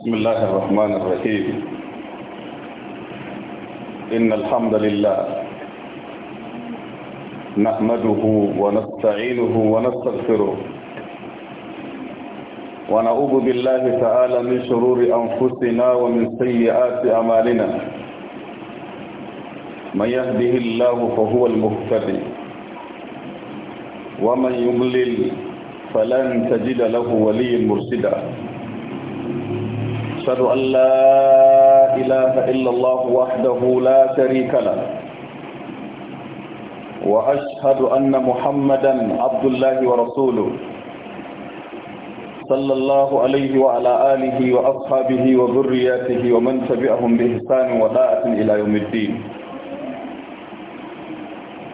بسم الله الرحمن الرحيم إن الحمد لله نحمده ونستعينه ونستغفره ونعوذ بالله تعالى من شرور أنفسنا ومن سيئات أعمالنا من يهده الله فهو المهتدي ومن يضلل فلن تجد له وليا مرشدا أشهد أن لا إله إلا الله وحده لا شريك له وأشهد أن محمدا عبد الله ورسوله صلى الله عليه وعلى آله وأصحابه وذرياته ومن تبعهم بإحسان وداعة إلى يوم الدين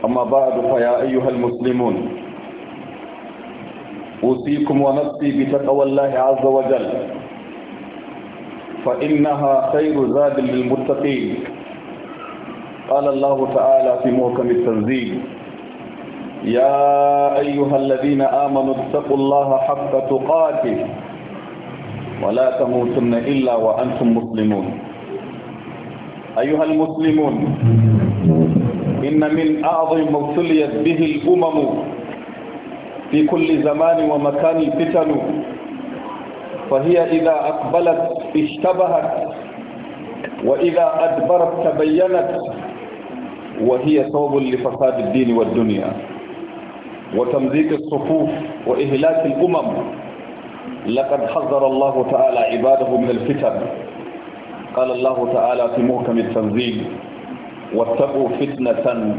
أما بعد فيا أيها المسلمون أوصيكم ونفسي بتقوى الله عز وجل فإنها خير زاد للمتقين قال الله تعالى في موكم التنزيل يا أيها الذين آمنوا اتقوا الله حق تقاته ولا تموتن إلا وأنتم مسلمون أيها المسلمون إن من أعظم ما ابتليت به الأمم في كل زمان ومكان فتن فهي إذا أقبلت اشتبهت وإذا أدبرت تبينت وهي ثوب لفساد الدين والدنيا وتمزيق الصفوف وإهلاك الأمم لقد حذر الله تعالى عباده من الفتن قال الله تعالى في محكم التنزيل واتقوا فتنة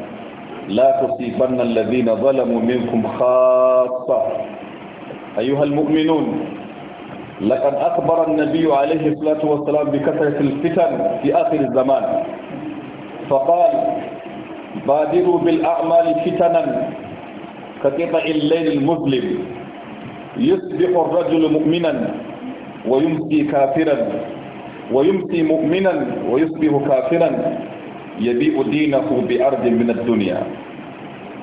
لا تصيبن الذين ظلموا منكم خاصة أيها المؤمنون لقد أخبر النبي عليه الصلاة والسلام بكثرة الفتن في آخر الزمان فقال بادروا بالأعمال فتنا كقطع الليل المظلم يصبح الرجل مؤمنا ويمسي كافرا ويمسي مؤمنا ويصبح كافرا يبيع دينه بأرض من الدنيا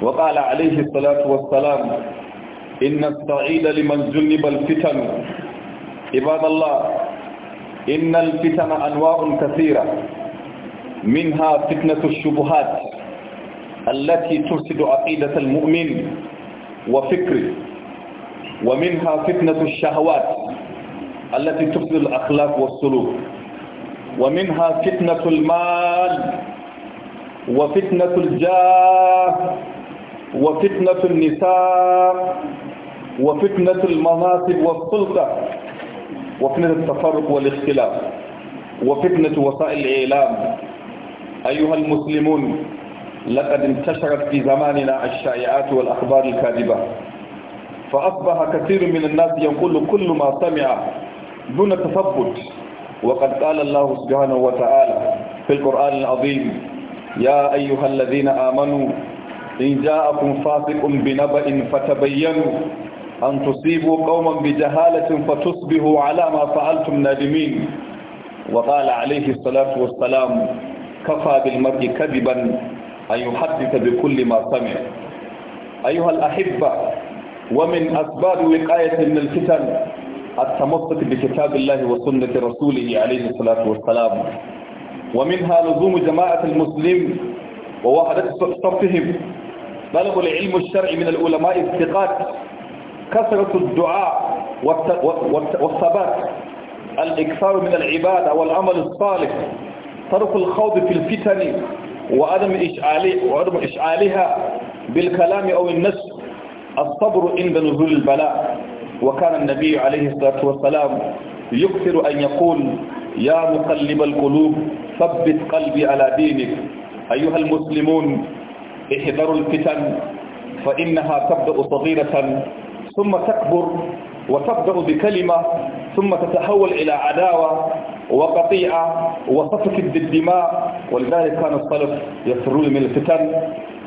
وقال عليه الصلاة والسلام إن السعيد لمن جنب الفتن عباد الله إن الفتن أنواع كثيرة منها فتنة الشبهات التي تفسد عقيدة المؤمن وفكره ومنها فتنة الشهوات التي تفسد الأخلاق والسلوك ومنها فتنة المال وفتنة الجاه وفتنة النساء وفتنة المناصب والسلطة وفتنة التفرق والاختلاف وفتنة وسائل الإعلام أيها المسلمون لقد انتشرت في زماننا الشائعات والأخبار الكاذبة فأصبح كثير من الناس يقول كل ما سمع دون تثبت وقد قال الله سبحانه وتعالى في القرآن العظيم يا أيها الذين آمنوا إن جاءكم فاسق بنبأ فتبينوا أن تصيبوا قوما بجهالة فتصبحوا على ما فعلتم نادمين وقال عليه الصلاة والسلام كفى بالمرء كذبا أن يحدث بكل ما سمع أيها الأحبة ومن أسباب وقاية من الفتن التمسك بكتاب الله وسنة رسوله عليه الصلاة والسلام ومنها لزوم جماعة المسلم ووحدة صفهم طلب العلم الشرعي من العلماء الثقات كثرة الدعاء والثبات الإكثار من العبادة والعمل الصالح ترك الخوض في الفتن وعدم وعدم إشعالها بالكلام أو النسل الصبر عند نزول البلاء وكان النبي عليه الصلاة والسلام يكثر أن يقول يا مقلب القلوب ثبت قلبي على دينك أيها المسلمون احذروا الفتن فإنها تبدأ صغيرة ثم تكبر وتبدأ بكلمة ثم تتحول إلى عداوة وقطيعة وصفك بالدماء ولذلك كان الصلف يفرون من الفتن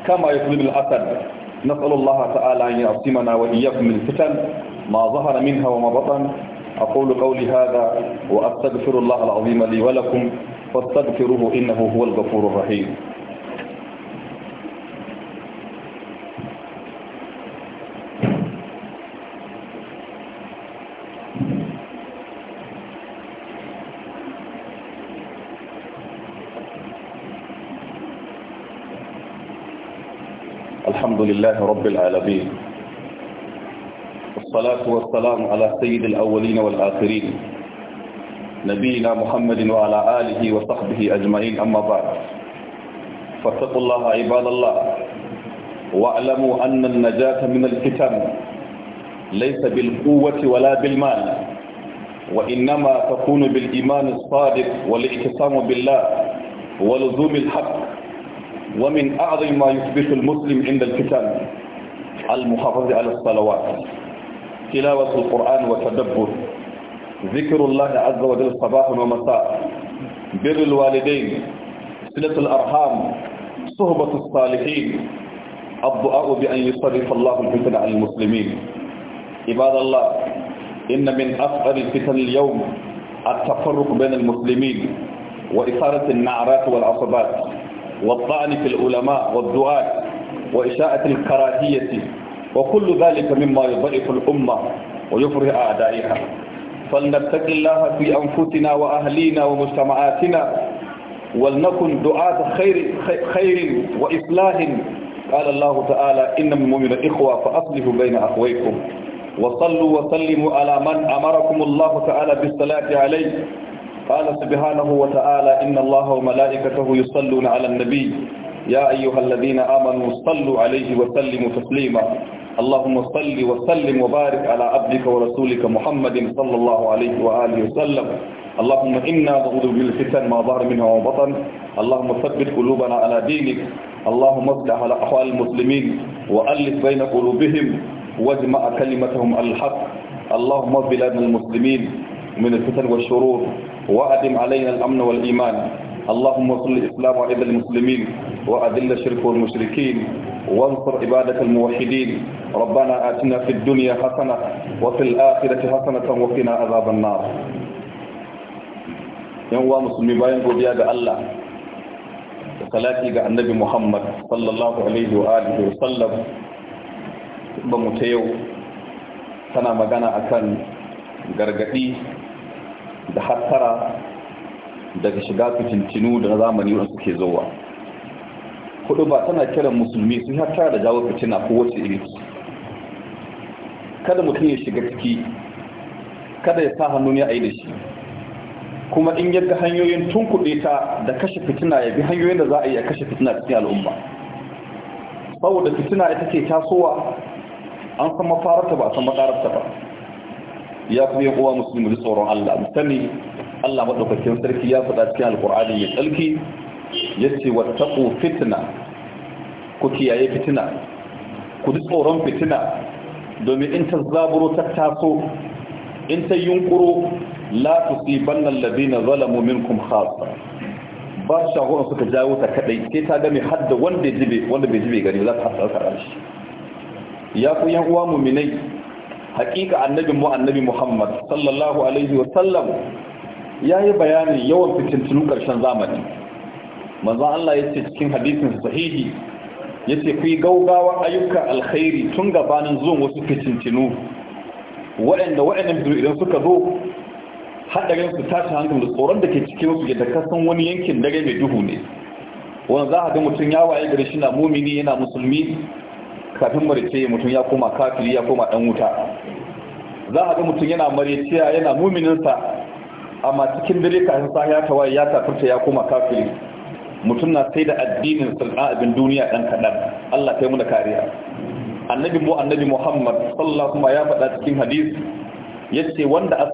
كما يفرون الأسد نسأل الله تعالى أن يعصمنا وإياكم من الفتن ما ظهر منها وما بطن أقول قولي هذا وأستغفر الله العظيم لي ولكم فاستغفروه إنه هو الغفور الرحيم لله رب العالمين والصلاة والسلام على سيد الأولين والآخرين نبينا محمد وعلى آله وصحبه أجمعين أما بعد فاتقوا الله عباد الله واعلموا أن النجاة من الفتن ليس بالقوة ولا بالمال وإنما تكون بالإيمان الصادق والاعتصام بالله ولزوم الحق ومن أعظم ما يثبت المسلم عند الكتاب المحافظة على الصلوات تلاوة القرآن وتدبر ذكر الله عز وجل صباحا ومساء بر الوالدين صلة الأرحام صحبة الصالحين الدعاء بأن يصرف الله الفتن على المسلمين عباد الله إن من أفقر الفتن اليوم التفرق بين المسلمين وإثارة النعرات والعصبات والطعن في العلماء والدعاء وإساءة الكراهية وكل ذلك مما يضعف الأمة ويفرح أعدائها فلنتق الله في أنفسنا وأهلينا ومجتمعاتنا ولنكن دعاة خير, خير وإصلاح قال الله تعالى إن المؤمن إخوة فأصلحوا بين أخويكم وصلوا وسلموا على من أمركم الله تعالى بالصلاة عليه قال سبحانه وتعالى إن الله وملائكته يصلون على النبي يا أيها الذين آمنوا صلوا عليه وسلموا تسليما اللهم صل وسلم وبارك على عبدك ورسولك محمد صلى الله عليه وآله وسلم اللهم إنا نعوذ بالفتن ما ظهر منها وبطن اللهم ثبت قلوبنا على دينك اللهم اصلح على أحوال المسلمين وألف بين قلوبهم واجمع كلمتهم الحق اللهم اغفر لنا المسلمين من الفتن والشرور وأدم علينا الأمن والإيمان اللهم وصل الإسلام وعيد المسلمين وأذل الشرك والمشركين وانصر عبادة الموحدين ربنا آتنا في الدنيا حسنة وفي الآخرة حسنة وقنا عذاب النار يوم مسلمين باين قوديا الله salati ga annabi Muhammad sallallahu alaihi wa alihi wa sallam ba mu ta yau tana magana akan gargadi da hattara daga shiga fitintinu da na zamani wanda suke zowa kudu ba tana kiran musulmi sun hattara da jawo fitina ko wasu iri kada mutum ya shiga ciki kada ya sa hannun ya aida shi kuma in yadda hanyoyin tun tunkuɗe ta da kashe fitina ya bi hanyoyin da za a yi a kashe fitina cikin al'umma saboda fitina ita ce tasowa an san mafararta ba a san madararta ba ya kuma yi kowa musulmi da tsoron Allah musani Allah maɗaukakin sarki ya faɗa cikin alƙur'ani mai tsarki ya ce wa taɓo fitina ku kiyaye fitina ku ji tsoron fitina domin in ta zaburo ta taso in ta yunƙuro, la tusiban alladhina zalamu minkum khassa ba shagon suka jawo ta kaɗai, sai ta gami hadda wanda bai jibe gani za ta hasara ya ku yan uwa mu'minai haƙiƙa annabinmu mu annabi Muhammad sallallahu alaihi wa sallam yayi bayanin yawan fitintunu karshen zamani manzo Allah yace cikin hadisin sahihi yace ku yi gaugawa ayyukan alkhairi tun gabanin zuwan wasu fitintunu waɗanda waɗannan fitintunu idan suka zo haɗarin su tashi hankali tsoron da ke cikin su da kasan wani yankin dare mai duhu ne wanda za a ga mutum ya waye gari shi na mumini yana musulmi kafin marice mutum ya koma kafiri ya koma dan wuta za a ga mutum yana mariciya yana mumininsa amma cikin dare kafin sa ya tawaye ya kafirta ya koma kafiri mutum na sai da addinin sulɗa abin duniya ɗan kaɗan Allah kai da kariya annabi mu annabi muhammad sallallahu kuma ya faɗa cikin hadisi yace wanda as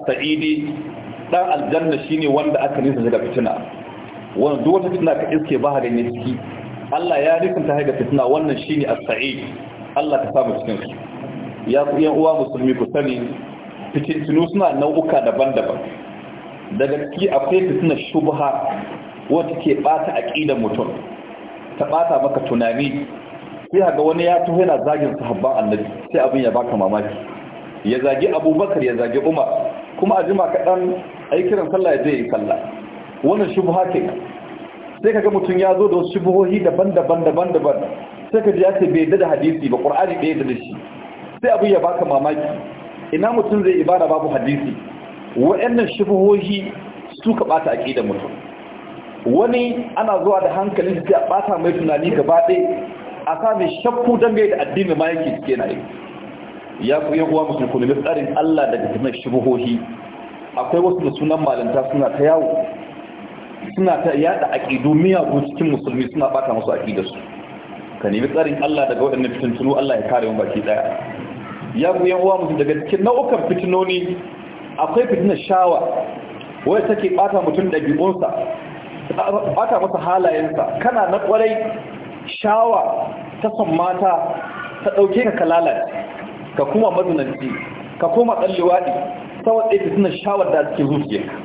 dan aljanna shine wanda aka nisa daga fitina wanda duk wata fitina ka iske ba ha ganin ciki Allah ya rikunta haida fitina wannan shi ne said Allah ka samu cikin su ya ku yan uwa musulmi ku sani fitintunu suna nau'uka daban-daban daga ki akwai fitinar shubha wata ke bata aqidar mutum ta bata maka tunani sai ga wani ya tuho yana zagin sahabban annabi sai abin ya baka mamaki ya zagi abubakar ya zagi umar kuma a jima kaɗan a yi kiran sallah ya je yi sallah wannan shubha ke sai ka ga mutum ya zo da wasu shubuhohi daban-daban daban-daban sai ka ji ya ce bai da hadisi ba ƙur'ani ɗaya da shi sai abu ya baka mamaki ina mutum zai ibada babu hadisi waɗannan shubuhohi ɓata a ƙidan mutum wani ana zuwa da hankalin sai a bata mai tunani gaba ɗaya a mai shakku dangane da addini ma yake suke na yi ya ku yan uwa musulmi ku nemi tsarin Allah daga tunan shubuhohi akwai wasu da sunan malinta suna ta yawo suna ta yada aqidu miyagun cikin musulmi suna bata musu aqidarsu ka nemi tsarin Allah daga waɗannan fitintunu Allah ya kare mu baki daya ya ku yan uwa daga cikin nau'ukan fitinoni akwai fitinar shawa wai take bata mutum ɗabi'unsa bata masa halayensa kana na kwarai shawa ta son mata ta ɗauke ka kalalace ka kuma mazinanci ka koma ɗan liwaɗi ta wadda ita shawar da suke zuciyarka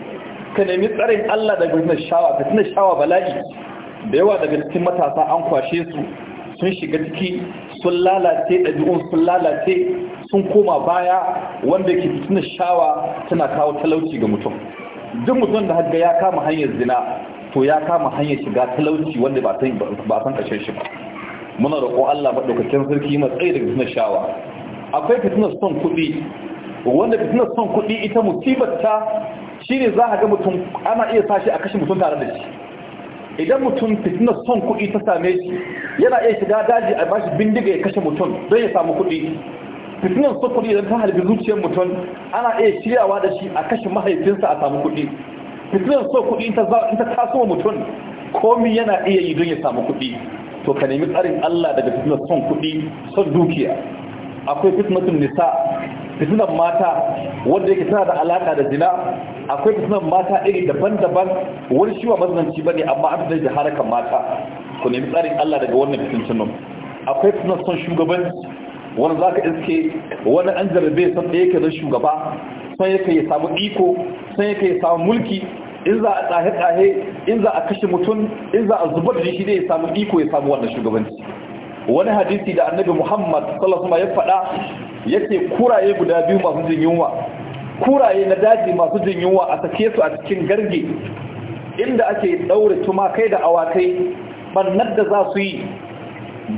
ka nemi tsarin Allah daga fitinar shawa fitinar shawa bala'i da yawa daga cikin matasa an kwashe su sun shiga ciki sun lalace ɗabi'un sun lalace sun koma baya wanda ke fitinar shawa tana kawo talauci ga mutum duk mutum da haka ya kama hanyar zina to ya kama hanyar shiga talauci wanda ba san kashe shi ba muna roƙo Allah maɗaukakin sarki matsayi daga fitinar shawa akwai fitinar son kuɗi wanda fitinar son kuɗi ita musibar ta shi ne za a ga mutum ana iya sashi a kashe mutum tare da shi idan mutum fitinar son kuɗi ta same shi yana iya shiga daji a bashi bindiga ya kashe mutum don ya samu kuɗi fitinar son kuɗi idan ta halibin zuciyar mutum ana iya shiryawa da shi a kashe mahaifinsa a samu kuɗi fitinar son kuɗi in ta taso mutum komi yana iya yi don ya samu kuɗi to ka nemi tsarin Allah daga fitinar son kuɗi son dukiya akwai fitnatun nisa fitinan mata wanda yake tana da alaka da zina akwai fitinan mata iri daban-daban wani shi wa mazanci ne, amma an fitar da harakan mata ku nemi tsarin Allah daga wannan fitincin akwai fitinan son shugabanci wani za ka iske wani an jarabe son da yake zan shugaba son yake ya samu iko son yake ya samu mulki in za a tsahe-tsahe in za a kashe mutum in za a zubar da shi ne ya samu iko ya samu wannan shugabanci wani hadisi da annabi muhammad sallallahu ya faɗa yake kuraye guda biyu masu jin yunwa kuraye na daji masu jin yunwa a sake su a cikin garge inda ake daure tumakai da awakai bannar da za su yi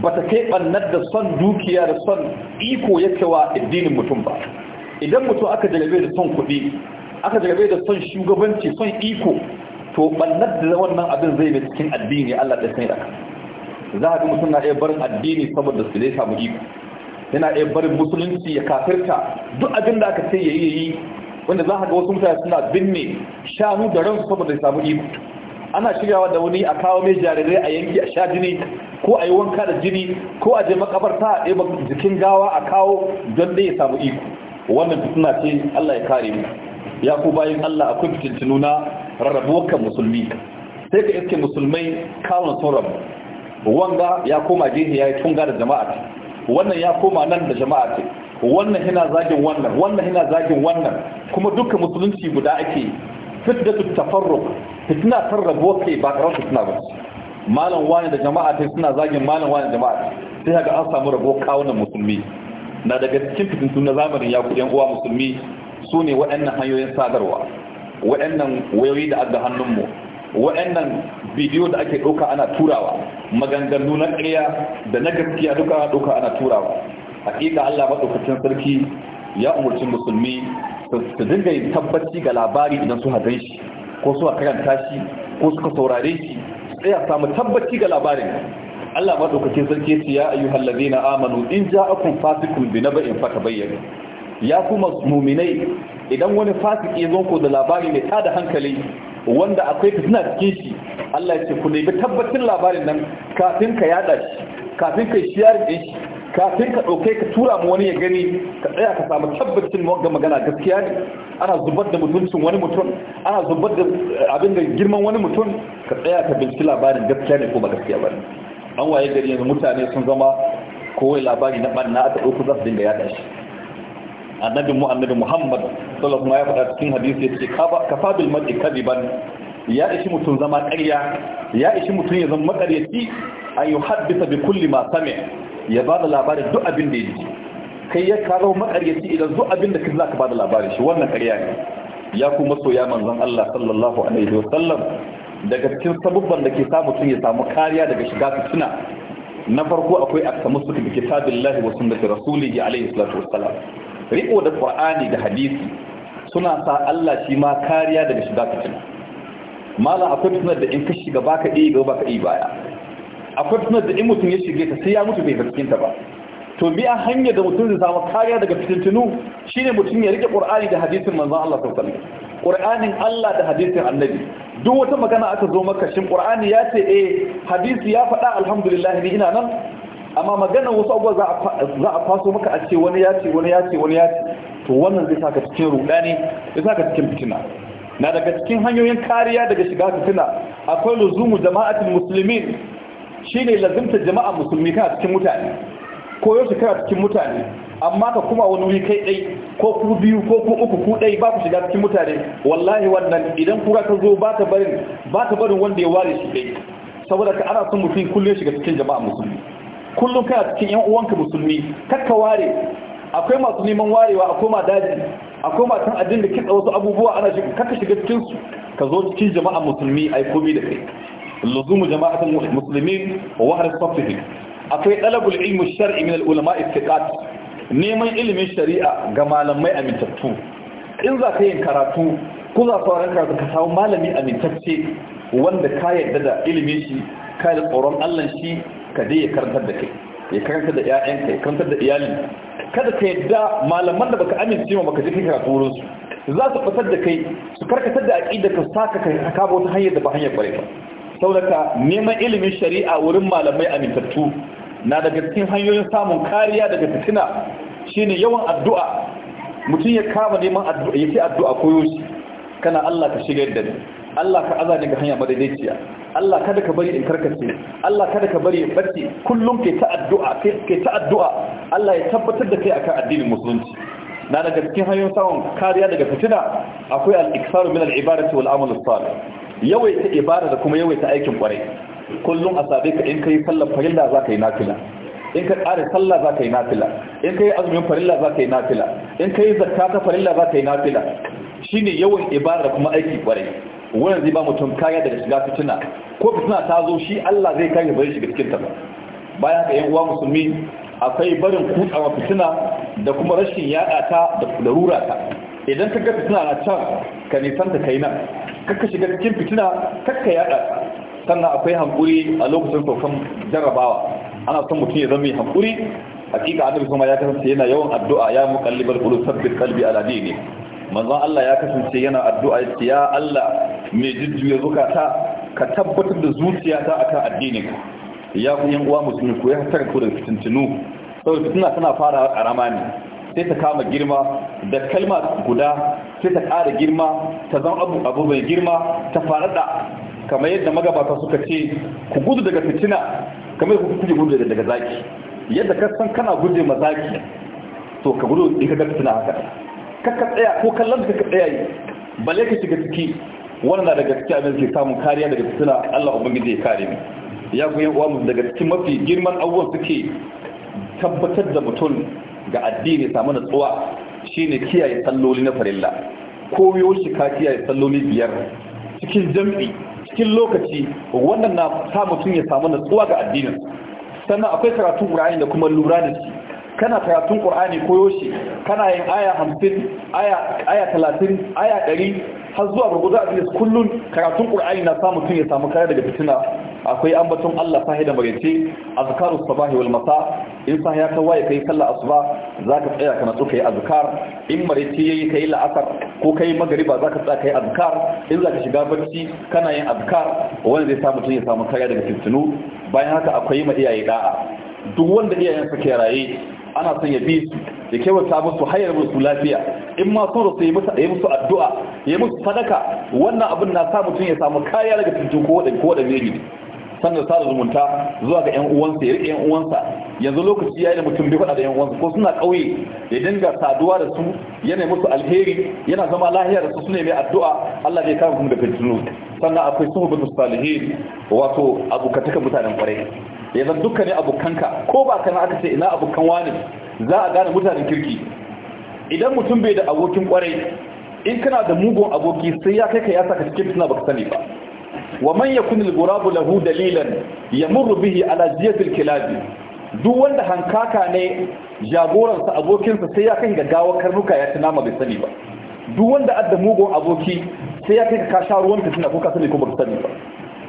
ba ta kai bannar da son dukiya da son iko yake wa addinin mutum ba idan mutum aka jarabe da son kuɗi aka jarabe da son shugabanci son iko to bannar da wannan abin zai mai cikin addini Allah da sai da za a ga mutum na iya barin addini saboda su zai samu iko yana iya barin musulunci ya kafirta duk abin da aka ce yayi yayi. wanda za a ga wasu mutane suna binne shanu da ransu saboda samu iko ana shigawa da wani a kawo mai jarirai a yanki a sha jini ko a yi wanka da jini ko a je makabarta a ɗaya jikin gawa a kawo don ɗaya ya samu iko wannan fitina ce Allah ya kare mu ya ku bayan Allah akwai fitintunu na rarrabuwar kan musulmi sai ka iske musulmai kawo sun rabu wanga ya koma gehe ya yi tunga da jama'a wannan ya koma nan da jama'a ce wannan yana zagin wannan wannan yana zagin wannan kuma dukkan musulunci guda ake fitdatu tafarruq fitna tarrabo kai ba karar fitna ba malam wani da jama'a ta suna zagin malam wani da jama'a sai haka an samu rabo kawunan musulmi na daga cikin fitintu na zamanin ya kuɗin uwa musulmi su ne waɗannan hanyoyin sadarwa waɗannan wayoyi da adda hannunmu Wa'annan bidiyo da ake ɗauka ana turawa maganganu na ƙarya da na gaskiya duka ɗauka ana turawa hakika Allah maɗaukacin sarki ya umarci musulmi su dinga yin tabbaci ga labari idan suka gan shi ko suka karanta shi ko suka saurare shi tsaya samu tabbaci ga labarin Allah maɗaukacin sarki ce ya ayyuhal ladina amanu in ja'akum fasikun bi naba'in fatabayyanu ya kuma muminai idan wani fasiki ya zo ko da labari mai tada hankali wanda akwai fitina cikin shi Allah ya ce ku nemi tabbacin labarin nan kafin ka yada shi kafin ka shiyar din shi kafin ka ɗauke ka tura mu wani ya gani ka tsaya ka samu tabbacin ga magana gaskiya ne ana zubar da mutuncin wani mutum ana zubar da eh, abin da girman wani mutum ka tsaya ka binci labarin gaskiya ne ko ba gaskiya ba an waye gari yanzu mutane sun zama kowai labari na ɓanna aka ɗauko za su dinga yada shi annabi mu annabi muhammad sallallahu alaihi wasallam ya faɗa cikin hadisi yace kafa kafabil mar'i kadiban ya ishi mutum zama ƙarya ya ishi mutum ya zama makaryaci an yi haddisa bi kulli ma sami ya ba da labarin duk abin da ya ji kai ya karo makaryaci idan duk abin da kai za ka ba da labarin shi wannan ƙarya ne ya kuma soya manzon Allah sallallahu alaihi Wasallam daga cikin sabubban da ke sa mutum ya samu kariya daga shiga fitina na farko akwai aksamusu bi kitabillahi wa sunnati rasulihi alaihi salatu wassalam riko da qur'ani da hadisi suna sa Allah shi ma kariya daga shiga fitina mala akwai fitinar da in ka shiga baka iya gaba baka iya baya akwai fitinar da in mutum ya shige ta sai ya mutu bai fitin ta ba to bi a hanyar da mutum zai samu kariya daga fitintunu shine mutum ya rike qur'ani da hadisin manzon Allah sallallahu alaihi wasallam qur'anin Allah da hadisin annabi duk wata magana aka zo maka shin qur'ani ya ce eh hadisi ya faɗa alhamdulillah ni ina nan amma magana wasu abuwa za a faso maka a ce wani ya ce wani ya ce wani ya ce to wannan zai saka cikin rudani zai saka cikin fitina na daga cikin hanyoyin kariya daga shiga fitina akwai luzumu jama'atul musulmin shine lazimta jama'a musulmi kana cikin mutane ko yau kana cikin mutane amma ka kuma wani wuri kai dai ko ku biyu ko ku uku ku dai ba ku shiga cikin mutane wallahi wannan idan kura ta zo ba ta barin ba ta barin wanda ya ware shi dai saboda ka ana son mutum kullum shiga cikin jama'a musulmi kullum kana cikin yan uwanka musulmi kakka ware akwai masu neman warewa akwai ma daji akwai ma san addini da kitsa wasu abubuwa ana shiga kakka shiga cikin su ka zo cikin jama'a musulmi ai komai da kai luzumu jama'atan Musulmi wa wahar safihim akwai talabul ilmi shar'i min al-ulama istiqat neman ilimin shari'a ga malamai amintattu in za ka yi karatu ko za sauran karatu ka samu malami amintacce wanda ka yadda da ilimin shi ka da tsoron Allah shi ka je ya karantar da kai ya karantar da ƴaƴanka ya karantar da iyali, kada ka yadda malaman da baka amince ma baka je kai karatu wurin su za su fitar da kai su karkatar da aqida ka saka ka kaba wata hanyar da ba hanyar bare ba saboda neman ilimin shari'a wurin malamai amintattu na daga cikin hanyoyin samun kariya daga fitina shine yawan addu'a mutum ya kama neman addu'a yake addu'a koyo shi kana Allah ka shigar da ni Allah ka azani ga hanya madaidaiciya Allah kada ka bari in karkace Allah kada ka bari in kullum kai ta addu'a kai ta addu'a Allah ya tabbatar da kai akan addinin musulunci na daga cikin hanyoyin samun kariya daga fitina akwai al-iksaru min al-ibadati wal amal as-salih yawaita ibada da kuma yawaita aikin kwarai kullum a ka in kai sallar farilla za ka yi nafila in ka kare sallah za ka yi nafila in ka yi azumin farilla za ka yi nafila in ka yi zakka ta farilla za ka yi nafila shine yawan ibada kuma aiki kwarai wannan zai ba mutum kaya daga shiga fitina ko fitina ta zo shi Allah zai kare bari shiga cikin ta ba Baya haka yan uwa musulmi akwai barin wa fitina da kuma rashin yada ta da larura ta idan ka ga fitina na can ka nisan ta kai nan kakka shiga cikin fitina kakka yada sannan akwai hankuri a lokacin saukan jarabawa ana son mutum ya zama mai hankuri hakika annabi kuma ya kasance yana yawan addu'a ya muqallibal qulub sabbit qalbi ala dini manzon Allah ya kasance yana addu'a ya Allah mai zuka zukata ka tabbatar da zuciya ta kan addinin ka ya ku yan uwa musulmi ko ya hasara ku da fitintinu saboda fitina tana fara karama ne sai ta kama girma da kalma guda sai ta ƙara girma ta zama abu abu mai girma ta da kamar yadda magabata suka ce ku gudu daga fitina kamar ku kuje gudu daga zaki yadda ka san kana guje ma zaki to ka gudu in ka ga fitina haka kakka tsaya ko kallon ka tsaya yi balle ka shiga ciki wannan daga cikin abin ke samun kariya daga fitina Allah ubangiji ya kare mu ya ku yan uwa daga cikin mafi girman abubuwan suke tabbatar da mutum ga addini samu natsuwa shine kiyaye salloli na farilla ko yoshi ka kiyaye salloli biyar cikin jam'i cikin lokaci wannan na sa mutum ya samu natsuwa ga addinin sannan akwai karatun Qur'ani da kuma lura da shi kana karatun Qur'ani ko yoshi kana yin aya 50 aya aya 30 aya 100 har zuwa gurgudu a cikin karatun qur'ani na samu tun ya samu kare daga fitina akwai ambaton Allah sahi da maraice azkaru sabahi wal masa in sahi ya kawa ya kai sallah asuba zaka tsaya kana tsoka yi azkar in maraice yayi kai la'asar ko kai za zaka tsaya kai azkar in zaka shiga barci kana yin azkar wanda zai samu tun ya samu kare daga fitinu bayan haka akwai ma iyaye da'a duk wanda iyayen suke raye ana son ya bi su ya kewata musu hayar musu lafiya in ma sun rasu ya musu addu'a ya musu sadaka wannan abin na sa mutum ya samu kaya daga tuntun ko waɗanda ko waɗanda ne sannan sada zumunta zuwa ga yan uwansa ya rike yan uwansa yanzu lokaci ya yi da mutum bai faɗa da yan uwansa ko suna ƙauye ya dinga saduwa da su yana musu alheri yana zama lahiya da su sune mai addu'a Allah zai kare kuma da fitinu sannan akwai suhbatus salihin wato abukataka mutanen kwarai yanzu dukkan ne abukanka ko ba kana aka ce ina abukan wani za a gane mutanen kirki idan mutum bai da abokin kwarai in kana da mugun aboki sai ya kai ka ya saka cikin fitina baka sani ba wa man yakun al-ghurabu lahu dalilan yamurru bihi ala kilabi duk wanda hankaka ne jagoransa abokinsa sai ya kai ga gawar karnuka ya tunama bai sani ba duk wanda adda mugun aboki sai ya kai ga kasha ruwan ka tuna ka sani ko ba sani ba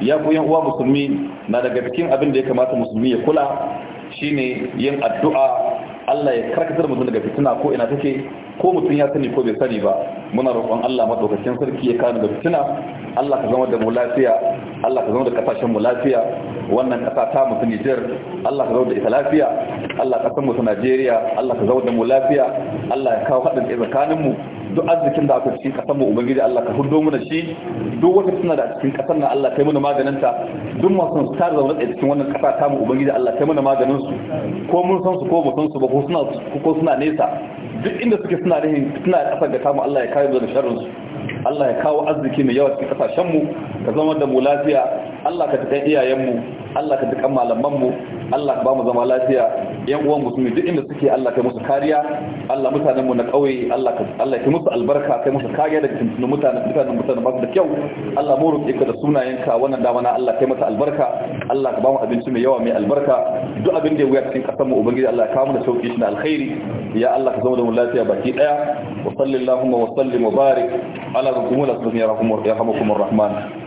ya ku yan uwa musulmi na daga cikin abin da ya kamata musulmi ya kula shine yin addu'a Allah ya karkatar mutum daga fitina ko ina take ko mutum ya sani ko bai sani ba muna roƙon Allah madaukakin sarki ya kawo daga fitina Allah ka zama da mu lafiya Allah ka zama da kasashen mu lafiya wannan kasa ta mutum Niger Allah ka zama da ita lafiya Allah ka san mu Najeriya Allah ka zama da mu lafiya Allah ya kawo haɗin tsakanin mu duk arzikin da aka cikin kasan mu ubangiji Allah ka hudo mu da shi duk wata suna da cikin kasan nan Allah kai mana maganin ta duk masu su da zaune a cikin wannan kasa ta mu ubangiji Allah kai mana maganin su ko mun san su ko ba san su ba ko suna ko suna nesa duk inda suke suna rahin suna kasar ta mu Allah ya kai mu da sharrin su Allah ya kawo arziki mai yawa cikin kasashen mu ka zama da mu lafiya Allah ka tukan iyayen mu Allah ka tukan malaman mu Allah ka ba mu zama lafiya yan uwan musulmi duk inda suke Allah kai musu kariya Allah mutanen mu na kauye Allah Allah kai musu albarka kai musu kariya daga tuntunan mutanen mutanen mutanen ba da kyau Allah mu roƙe ka da sunayenka wannan dama na Allah kai masa albarka Allah ka ba mu abinci mai yawa mai albarka duk abin da ya wuya cikin kasar mu ubangiji Allah ka mu da sauki shi na alkhairi ya Allah ka zama da mu lafiya baki daya wa sallallahu wa sallim wa barik ala rasulina ya rahmukumur rahman